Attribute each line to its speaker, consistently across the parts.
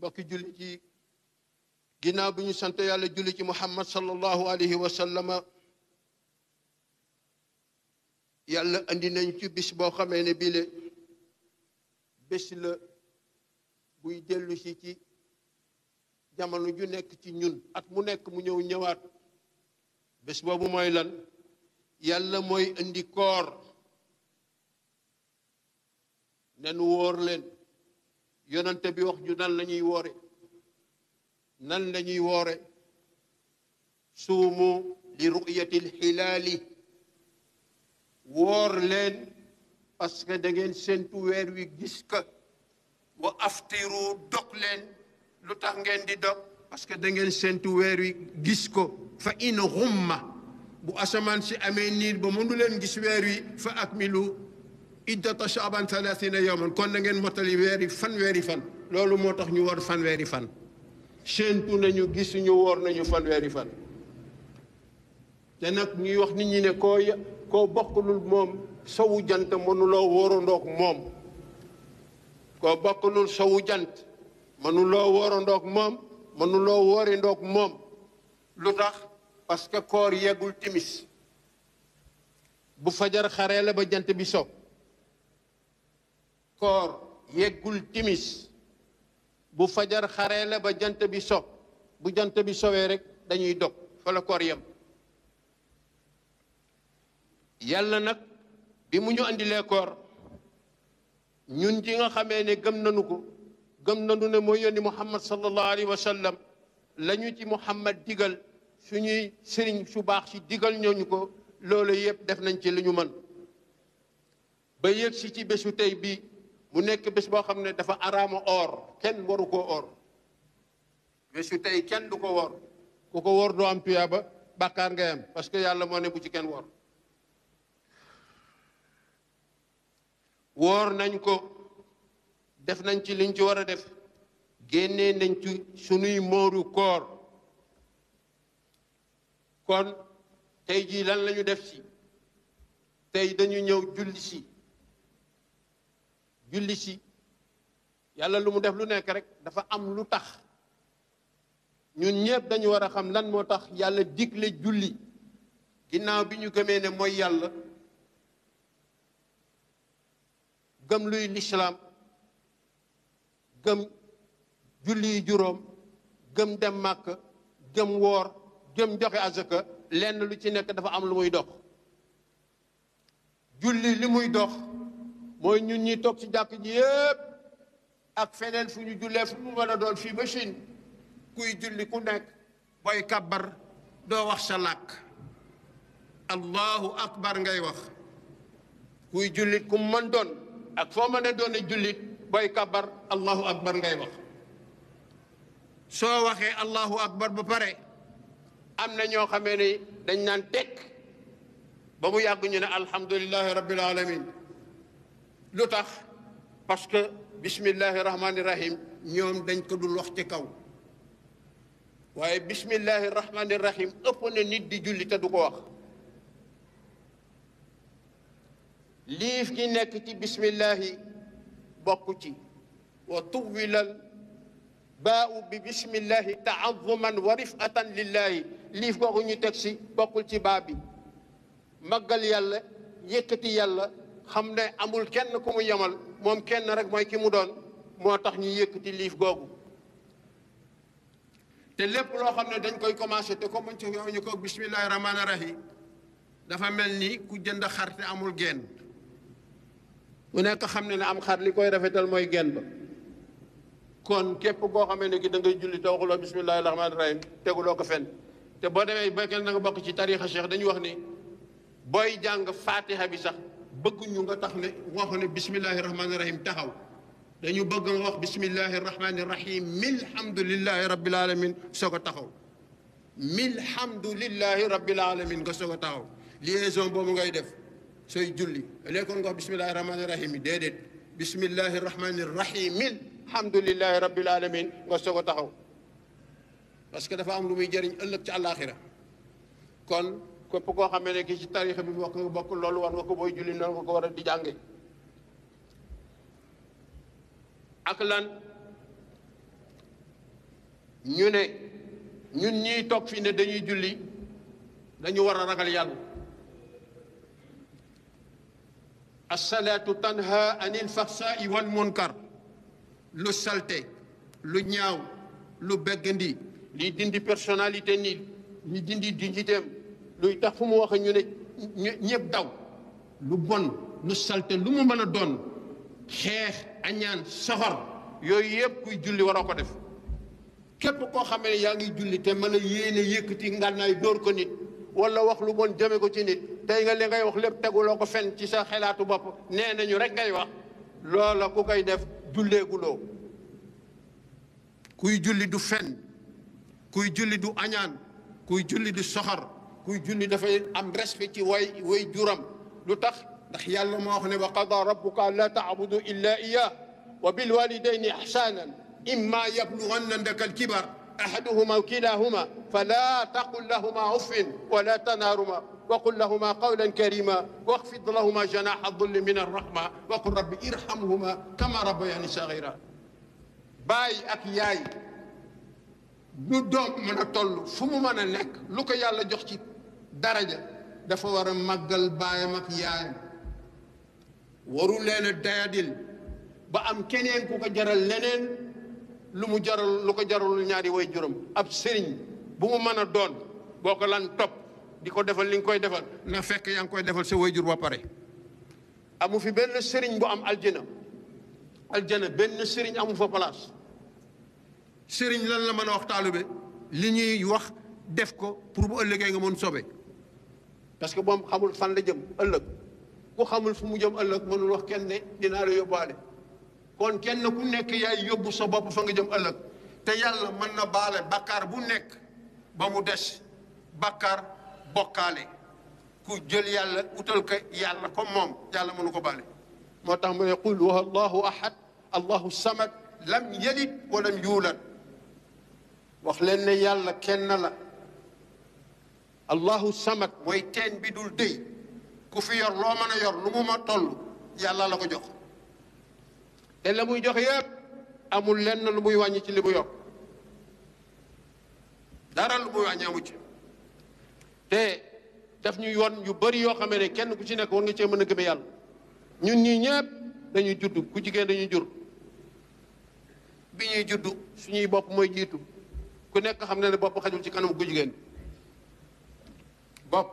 Speaker 1: mbokki jullit yi ginnaaw bi ñu sant yàlla julli ci muhammad sallallahu alayhi wa sallama yàlla andi nañ ci bis boo xamee ne bile bés la buy dellu si ci jamono ju nekk ci ñun at mu nekk mu ñëw ñëwaat bés boobu mooy lan yàlla mooy indi koor nen wóor leen yonante bi wax ñu nan lañuy wore nan lañuy wore sumu li ru'yati al-hilal wor len parce que da ngeen sentu wer wi gis ka wa aftiru dok len lutax ngeen di dok parce que da ngeen sentu wer wi gis ko fa in ghumma bu asaman ci amé nit ba mënu leen gis wer wi fa akmilu it iddata shaaban salaasina yawman kon na ngeen mottali weeri fan weeri fan loolu moo tax ñu war fan weeri fan séentu nañu gis ñu woor nañu fan weeri fan te nag ñuy wax nit ñi ne koo koo bokkulul moom sowu jant mënuloo wóorandoog moom jant mënuloo wóorandoog moom mënuloo moom lu tax parce que koor yeggul timis bu fajar xaree la ba jant bi so koor yeggul timis bu fajar xaree la ba jant bi so bu jant bi sowee rek dañuy dog fa la koor yem yàlla nag bi mu ñu andilee koor ñun ci nga xamee ne gëm nanu ko gëm nanu ne mooy yónni muhammad sallallahu alayhi wa sallam la ñu ci muhammad digal suñuy sëriñ su baax si digal ñooñu ko loolu yëpp def nañ ci li ñu mën ba yëg si ci bésu tey bii mu nekk bés boo xam ne dafa araama or kenn waru koo or bésu tey kenn du ko wor ku ko woor doo am tuyaaba bàkkaar ngay am parce que yàlla moo ne bu ci kenn wor woor nañ ko def nañ ci liñ ci war a def génne nañ ci sunuy mooru koor kon tey jii lan lañu def ci tey dañu ñëw julli si julli si yàlla lu mu def lu nekk rek dafa am lu tax ñun ñëpp dañu war a xam lan moo tax yàlla digle julli ginnaaw bi ñu gëmee ne mooy yàlla gëm luy lislaam gëm julli juróom gëm dem màkk gëm woor gëm joxe azaka lenn lu ci nekk dafa am lu muy dox julli li muy dox mooy ñun ñi toog ci jàkk ji yëpp ak feneen fu ñu jullee fu mu mën a doon fii machine kuy julli ku nekk booy kàbbar doo wax sa làkk allahu akbar ngay wax kuy jullit ku mën doon ak foo mën a doon jullit booy kàbbar allahu akbar ngay wax soo waxee allahu akbar ba pare am na ñoo xamee ni dañ naan tekk ba mu yàgg ñu ne alhamdulillahi rabbil alamin lu tax parce que bismillahi rahmaani rahim ñoom dañ ko dul wax ci kaw waaye bismillahi rahmaani rahim ëpp na nit di julli te du ko wax liif gi nekk ci bismillahi bokk ci wa tuwilal baau bi bismillahi taazuman wa rifatan lillahi liif googu ñu teg si bokkul ci baa bi màggal yàlla yëkkati yàlla xamne amul kenn ku mu yamal mom kenn rek moy ki mu doon motax ñu yëkëti liif gogu te lépp lo xamne dañ koy commencé te ko mën ci ñu ko bismillahir rahmanir rahim dafa melni ku jënd xar te amul genn mu nekk xamne na am xar likoy rafetal moy genn ba kon képp koo xamee ne ki da ngay julli taw waxuloo bismillahi rahmaani rahim teguloo ko fenn te boo demee béykat na nga bokk ci tarixa cheikh dañu wax ni booy jàng fatiha bi sax bëgguñu nga tax ne wax ne bismillahi rahmaani rahim taxaw dañu bëgg nga wax bismillahi rahmaani rahim milhamdulillahi rabbil alamin soog a taxaw milhamdulillahi rabbil alamin nga soog taxaw liaison boobu ngay def sooy julli léegi kon nga wax bismillahi rahim yi déedéet bismillahi rahmaani rahim milhamdulillahi rabbil alamin nga soog a taxaw parce que dafa am lu muy jëriñ ëllëg ci àllaaxira kon képp koo xamee ne ki ci tarixa bi bokk nga bokk loolu war nga ko booy julli noonu nga ko war a di jànge ak lan ñu ne ñun ñiy toog fii ne dañuy julli dañu war a ragal yàlla asalaatu tanha anil fahsaai wal munkar lu salte lu ñaaw lu beggandi liy dindi personnalité nit li dindi dignitéem luy tax fu mu wax ñu ne ñëpp daw lu bon lu salte lu mu mën a doon xeex añaan soxor yooyu yëpp kuy julli waroo ko def képp koo xamee ne yaa ngi julli te mën a yéene yëkkati ngànnaay dóor ko nit wala wax lu bon jame ko ci nit tey nga li ngay wax lépp teguloo ko fen ci sa xelaatu bopp nee nañu rek ngay wax loola ku koy def julleeguloo kuy julli du fen kuy julli du añaan kuy julli du soxor كوي جوني دا فاي ام ريسبكت واي واي جورام لوتاخ داخ يالا مو خني وقضى ربك لا تعبدوا الا اياه وبالوالدين احسانا اما يبلغن عندك الكبر احدهما وكلاهما فلا تقل لهما اف ولا تنارما وقل لهما قولا كريما واخفض لهما جناح الظل من الرحمه وقل رب ارحمهما كما ربياني صغيرا باي اك ياي دو دوم مانا تولو فمو مانا نيك لوكا يالا جوخ daraja dafa war a màggal baayam ak yaayam waru leen a dayadil ba am keneen ku ko jaral leneen lu mu jaral lu ko jaralul ñaari way juróom ab sëriñ bu mu mën a doon boo ko lan topp di ko defal li nga koy defal na fekk yaa ngi koy defal sa way jur ba pare amu fi benn sëriñ bu am aljana aljana benn sëriñ amu fa place sëriñ lan la mën a wax taalibe li ñuy wax def ko pour bu ëllëgee nga mën soobe parce que moom xamul fan la jëm ëllëg ku xamul fu mu jëm ëllëg mënul wax kenn ne dinaa la yóbbaale kon kenn ku nekk yaay yóbbu sa bopp fa nga jëm ëllëg te yàlla mën na baale bakkaar bu nekk ba mu des bakkaar bokkaale ku jël yàlla utal ko yàlla comme moom yàlla mënu ko baale moo tax mu ne qul wa allahu ahad allahu samad lam yalid wa lam yuulad wax leen ne yàlla kenn la allahu samad mooy teen bi dul dëy ku fi yor loo mën a yor lu mu ma toll yàlla la ko jox te la muy jox yépp amul lenn lu muy wàññi ci li mu yokk dara lu muy wàññi amu ci te daf ñu yoon yu bari yoo xamee ne kenn ku ci nekk war nga cee mën a gëme yàlla ñun ñi ñëpp dañuy judd ku jigéen dañuy jur bi ñuy judd ñuy bopp mooy jiitu ku nekk xam na ne bopp xajul ci kanam ku jigéen bop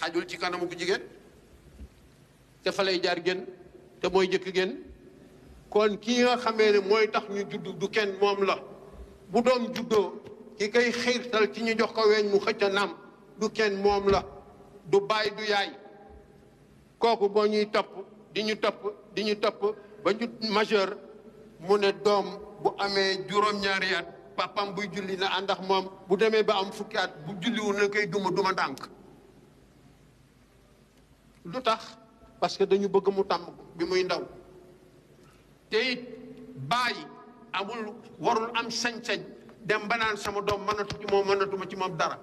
Speaker 1: xajul ci kanamu ku jigen te fa lay jaar gen te moy jëkk gen kon ki nga xamé ne moy tax ñu judd du kenn mom la bu doom juddo ki koy xiirtal ci ñu jox ko weñ mu xëcc nam du kenn mom la du bay du yaay koku bo ñuy top di ñu top di ñu top ba ñu majeur mu ne doom bu amé juróom ñaar yaat papam buy julli na andax moom bu démé ba am fukki at bu wu na kay duma duma dank lu tax parce que dañu bëgg mu tàmm bi muy ndaw te it bàyyi amul warul am sañ-sañ dem ba naan sama doom mënatu mënatuma ci moom dara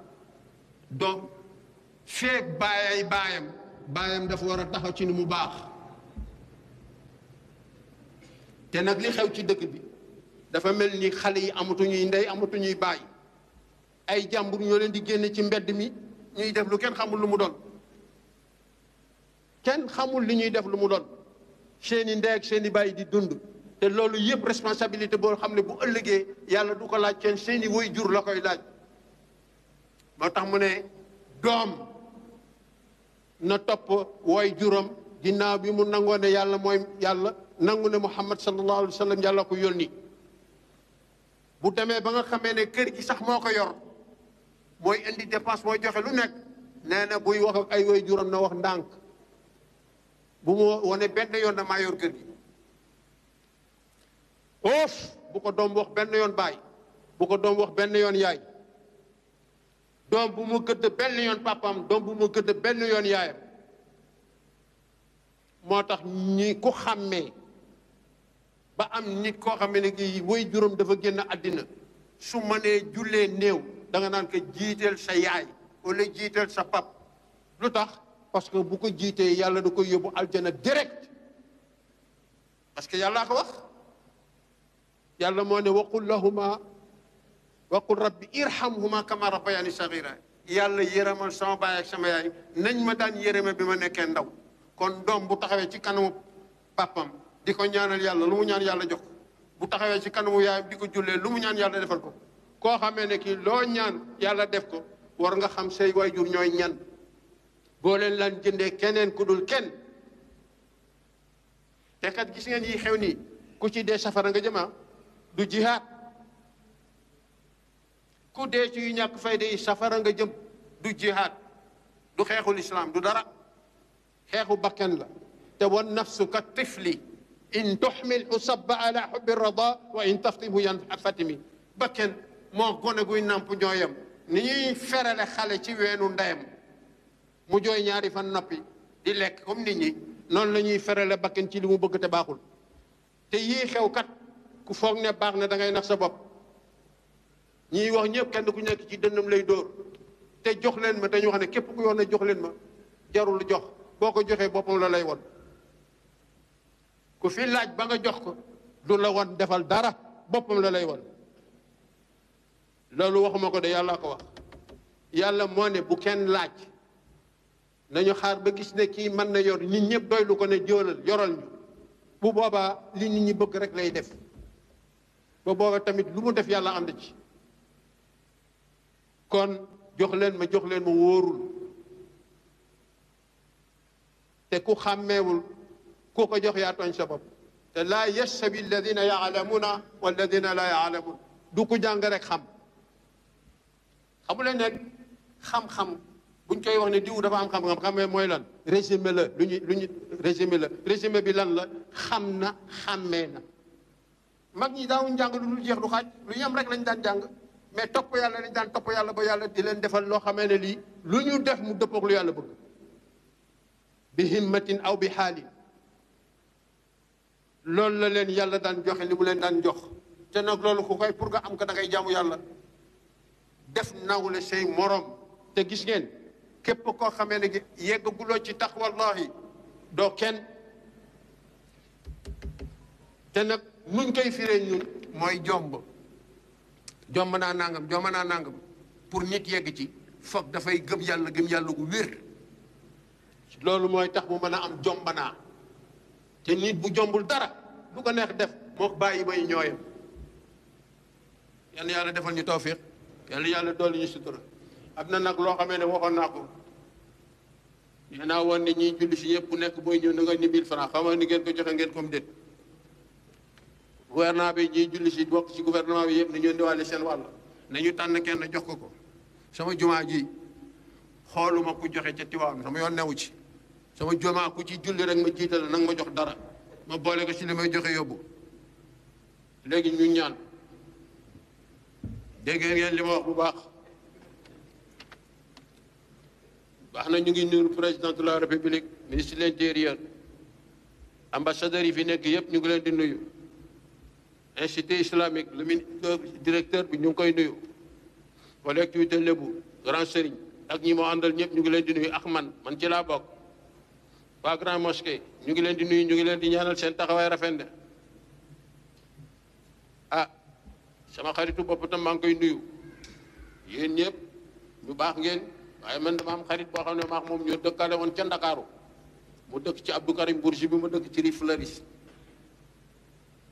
Speaker 1: doom feeg bàyyay baayam baayam dafa war a taxaw ci ni mu baax te nag li xew ci dëkk bi dafa mel ni xale yi amatuñuy ndey amatuñuy baay ay jàmbur ñoo leen di génne ci mbedd mi ñuy def lu kenn xamul lu mu doon kenn xamul li ñuy def lu mu doon seen i ndeeg seen i di dund te loolu yëpp responsabilité boo xam ne bu ëllëgee yàlla du ko laaj kenn seen woy jur la koy laaj moo tax mu ne doom na topp woy juram ginnaaw bi mu nangoo ne yàlla mooy yàlla nangu ne muhammad sallallahu alayhi wa sallam yàlla ko yónni bu demee ba nga xamee ne kër gi sax moo ko yor mooy indi dépense mooy joxe lu nekk nee na buy wax ay woy juram na wax ndànk bu mu wane benn yoon na maa yor kër gi oof bu ko doom wax benn yoon baay bu ko doom wax benn yoon yaay doom bu mu gëdd benn yoon papaam doom bu mu gëdd benn yoon yaayam moo tax ñi ku xàmmee ba am nit koo xam ne kii woy juróom dafa génn àddina su mënee jullee néew danga nga naan ko jiiteel sa yaay wala jiiteel sa pap lu tax parce que bu ko jiitee yàlla da koy yóbbu aljana direct parce que yàllaa ko wax yàlla moo ne waqul lahuma waqul rabbi irhamhuma kama rabbayani sagira yàlla yërëmal sama baay ak sama yaay nañ ma daan yërëme bi ma nekkee ndaw kon doom bu taxawee ci kanamu pàppam di ko ñaanal yàlla lu mu ñaan yàlla jox bu taxawee ci kanamu yaayam di ko jullee lu mu ñaan yàlla defal ko koo xamee ne kii loo ñaan yàlla def ko war nga xam say waajur ñooy ñan boo la lan jëndee keneen ku dul kenn te kat gis yi xew nii ku ci de safara nga jëma du jihaat ku dee ci yu safara nga jëm du jihaat du xeexul islaam du dara xeexu bakken la te wan nafsu ka tifli in tuxmilhu saba ala xubi rada wa in taftimhu yan fatimi bakken moo gone guy nàmp ñooyam ni ñuy ferale xale ci weenu ndeyam mu jooy ñaari fan noppi di lekk comme nit ñi noonu la ñuy ferale bakkan ci li mu bëgg te baaxul te yii xew kat ku foog ne baax na dangay ndax sa bopp ñiy wax ñëpp kenn ku nekk ci dëndam lay dóor te jox leen ma dañu wax ne képp ku yoon ne jox leen ma jarul jox boo ko joxee boppam la lay won ku fi laaj ba nga jox ko du la won defal dara boppam la lay won loolu waxuma ko de yàlla ko wax yàlla moo ne bu kenn laaj nañu xaar ba gis ne kii mën na yor nit ñëpp doylu ko ne jóolal yoral ñu bu boobaa li ñu ñi bëgg rek lay def ba booba tamit lu mu def yàlla ànd ci kon jox leen ma jox leen ma wóorul te ku xàmmeewul ku ko jox yaa tooñ sa te laa yastawi alladina yaalamuuna walladina laa yaalamuun du ku jàng rek xam xamu leen nag xam-xam bu ñu koy wax ne diw dafa am xam-xam mooy lan résumé la lu ñu lu ñu résumé la résumé bi lan la xam na xàmmee na mag ñi daawuñ jàng lu dul jeex du xaaj lu yem rek lañ daan jàng mais topp yàlla lañ daan topp yàlla ba yàlla di leen defal loo xamee ne lii lu ñu def mu dëppoog lu yàlla bëgg bi himmatin aw bi xaalin loolu la leen yàlla daan joxe li leen daan jox te nag loolu ku koy pour nga am ko da ngay jaamu yàlla def nawle say morom te gis ngeen képp koo xamee ne yeggaguloo ci taxwallahi doo kenn te nag nuñ koy firee mooy jomb jomb naa nangam jomb naa pour nit yegg ci foog dafay gëm yàlla gëm yàlla gu loolu mooy tax mu mën a am jomb te nit bu jombul dara du ko neex def moo bàyyi may ñooyam yal yàlla defal ñu tawfiq yal yàlla dolli ñu sutura am na nag loo xamee ne waxoon naa ko nee naa woon ne ñiy julli si yëpp bu nekk booy ñëw na nga ni mille francs xamaa ni ngeen ko joxe ngeen comme dét gouvernement bi ñiy julli si bokk ci gouvernement bi yëpp nañu ndiwàlle seen wàll nañu tànn kenn jox ko ko sama jumaa ji xooluma ku joxe ca Tiwaawan sama ci sama jumaa ku ci julli rek ma jiital nag ma jox dara ma boole ko ci li may joxe yóbbu léegi ñu ñaan dégg ngeen li ma wax bu baax Nous ñu président de la république ministre de l'intérieur Ambassadeur yi fi nekk ñu ngi leen islamique le directeur bi ñu koy nuyu collectivité grand serigne ak ñi àndal ñëpp ñu ngi leen di nuyu ak man ci laa bokk grand mosquée ñu ngi leen di nuyu ñu ngi leen di ñaanal ah sama xaritu bopp tam maa ngi nuyu yéen waaye man dama am xarit boo xam ne maak moom ñoo dëkkaale woon ca ndakaaru mu dëkk ci abdou karim bourgi bi mu dëkk ci rif laris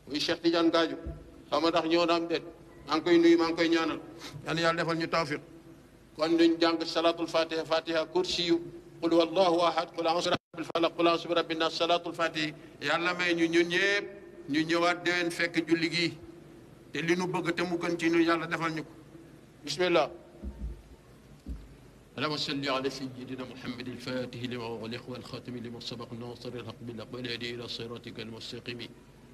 Speaker 1: muy cheikh tidiane gaaju xaw ma ndax ñëw na am déet maa ngi koy nuyu maa ngi koy ñaanal yàlla yàlla defal ñu tawfiq kon ñu jàng salatul fatiha fatiha kursiyu qul wallahu ahad qul a'udhu birabbil falaq qul a'udhu birabbin nas salatul fatiha yàlla may ñu ñun ñëpp ñu ñëwaat deen fekk julli gi te li nu bëgg te mu gën ci ñu yàlla defal ñu bismillah اللهم صل على سيدنا محمد الفاتح لما أغلق والخاتم لما سبق الناصر الحق بالاقبال والهدي إلى صراطك المستقيم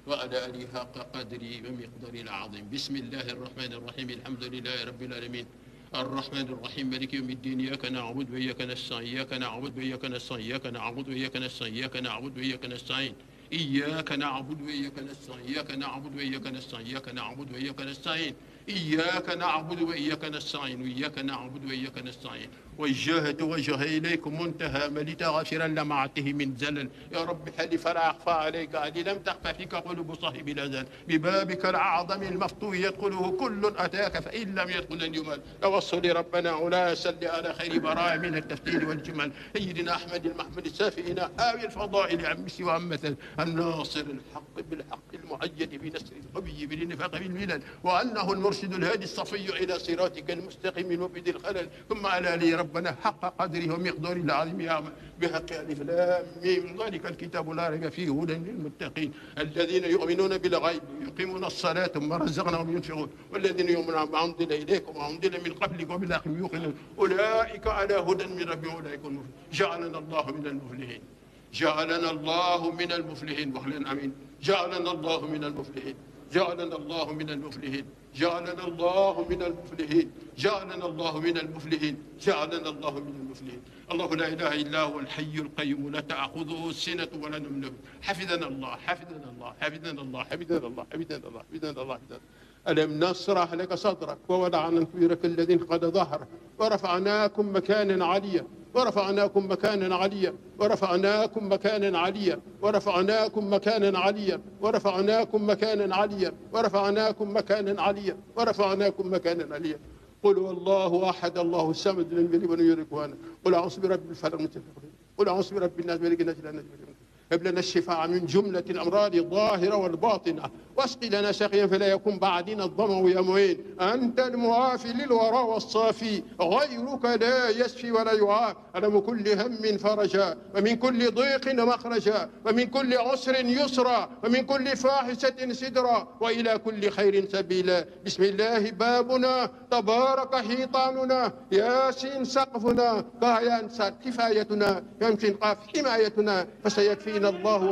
Speaker 1: وعلى آله حق قدري ومقداري العظيم بسم الله الرحمن الرحيم الحمد لله رب العالمين الرحمن الرحيم مالك يوم الدين إياك نعبد وإياك نستعين إياك نعبد وإياك نستعين إياك نعبد وإياك نستعين إياك نعبد وإياك نستعين إياك نعبد وإياك نستعين إياك نعبد وإياك نستعين إياك نعبد وإياك نستعين إياك نعبد وإياك نستعين وإياك نعبد وإياك نستعين وجهت وجهي إليك منتهى لتغفر لمعته من زلل يا رب حلي فلا أخفى عليك علي لم تخفى فيك قلوب صاحب الأزل ببابك الأعظم المفتوح يدخله كل أتاك فإن لم يدخل الجمل توصل ربنا ولا سل على خير براء من التفتيل والجمل سيدنا أحمد المحمد السافئنا آوي الفضائل عم سوى مثل الناصر الحق بالحق المؤيد بنسر القبي بالنفاق بالملل وأنه المر مرشد الهادي الصفي إلى صراطك المستقيم وبذي الخلل ثم على لي ربنا حق قدره ومقداره العظيم يا بحق ألف لام ميم ذلك الكتاب لا ريب فيه هدى للمتقين الذين يؤمنون بالغيب يقيمون الصلاة ثم رزقناهم ينفقون والذين يؤمنون بما أنزل إليكم وما أنزل من قبلك وبالآخر يوقنون أولئك على هدى من ربهم أولئك جعلنا الله من المفلحين جعلنا الله من المفلحين واخلنا امين جعلنا الله من المفلحين جعلنا الله من المفلحين جعلنا الله من المفلحين جعلنا الله من المفلحين جعلنا الله من المفلحين الله لا اله الا هو الحي القيوم لا تاخذه سنه ولا نوم الله حفظنا الله حفظنا الله حفظنا الله حفظنا الله حفظنا الله حفظنا الله ألم نشرح لك صدرك ووضعنا كبيرك الذي قد ظهرك ورفعناكم مكانا عليا ورفعناكم مكانا عليا ورفعناكم مكانا عليا ورفعناكم مكانا عليا ورفعناكم مكانا عليا ورفعناكم مكانا عليا ورفعناكم مكانا عليا قل والله احد الله الصمد لم يلد ولم يولد قل اعوذ برب الفلق قل اعوذ برب الناس ملك الناس لا نجم هب لنا الشفاء من جملة الأمراض الظاهرة والباطنة واسقي لنا سقيا فلا يكون بعدنا الظمأ يا معين أنت المعافي للوراء والصافي غيرك لا يشفي ولا يعاف أنا من كل هم فرجا ومن كل ضيق مخرجا ومن كل عسر يسرا ومن كل فاحشة سدرا وإلى كل خير سبيلا بسم الله بابنا تبارك حيطاننا ياسين سقفنا طهيان كفايتنا يمشي قاف حمايتنا فسيكفينا إلى الله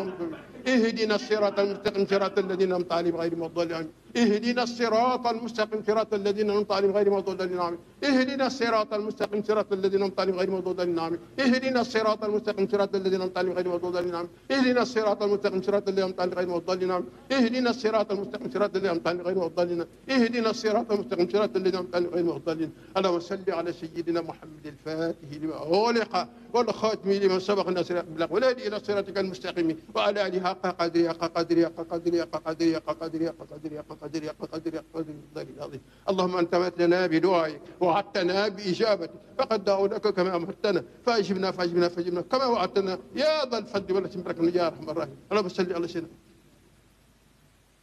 Speaker 1: اهدنا الصراط المستقيم صراط الذين أنعمت عليهم غير المغضوب عليهم اهدنا الصراط المستقيم صراط الذين أنعمت عليهم غير المغضوب عليهم اهدنا الصراط المستقيم صراط الذين انعمت عليهم غير المغضوب عليهم اهدنا الصراط المستقيم صراط الذين انعمت عليهم غير المغضوب عليهم اهدنا الصراط المستقيم صراط الذين انعمت عليهم غير المغضوب عليهم اهدنا الصراط المستقيم صراط الذين انعمت عليهم غير المغضوب عليهم اهدنا الصراط المستقيم صراط الذين انعمت عليهم غير المغضوب عليهم اللهم صل على سيدنا محمد الفاتح لما أغلق والخاتم لما سبق الناصر بالحق ولا إلى صراطك المستقيم وعلى آله حق قدري حق قدري حق قدري حق قدري حق قدري حق قدري حق قدري حق قدري حق قدري العظيم اللهم أنت مثلنا بدعائك وعدتنا باجابته فقد دعوا لك كما امرتنا فاجبنا فاجبنا فاجبنا كما وعدتنا يا ذا الفرد والله تبارك يا رحمة الله انا بصلي على سيدنا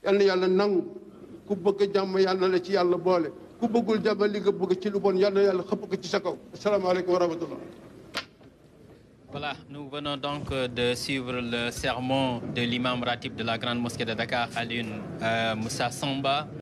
Speaker 1: يلا يلا نن كبك جام يلا لا تي يلا بوله كبغول جام لي كبغ تي لو بون يلا يلا خبك تي سكو السلام عليكم ورحمه الله Voilà, nous venons donc de suivre le serment de l'imam Ratib de la Grande Mosquée de Dakar, Aline euh, Moussa Samba.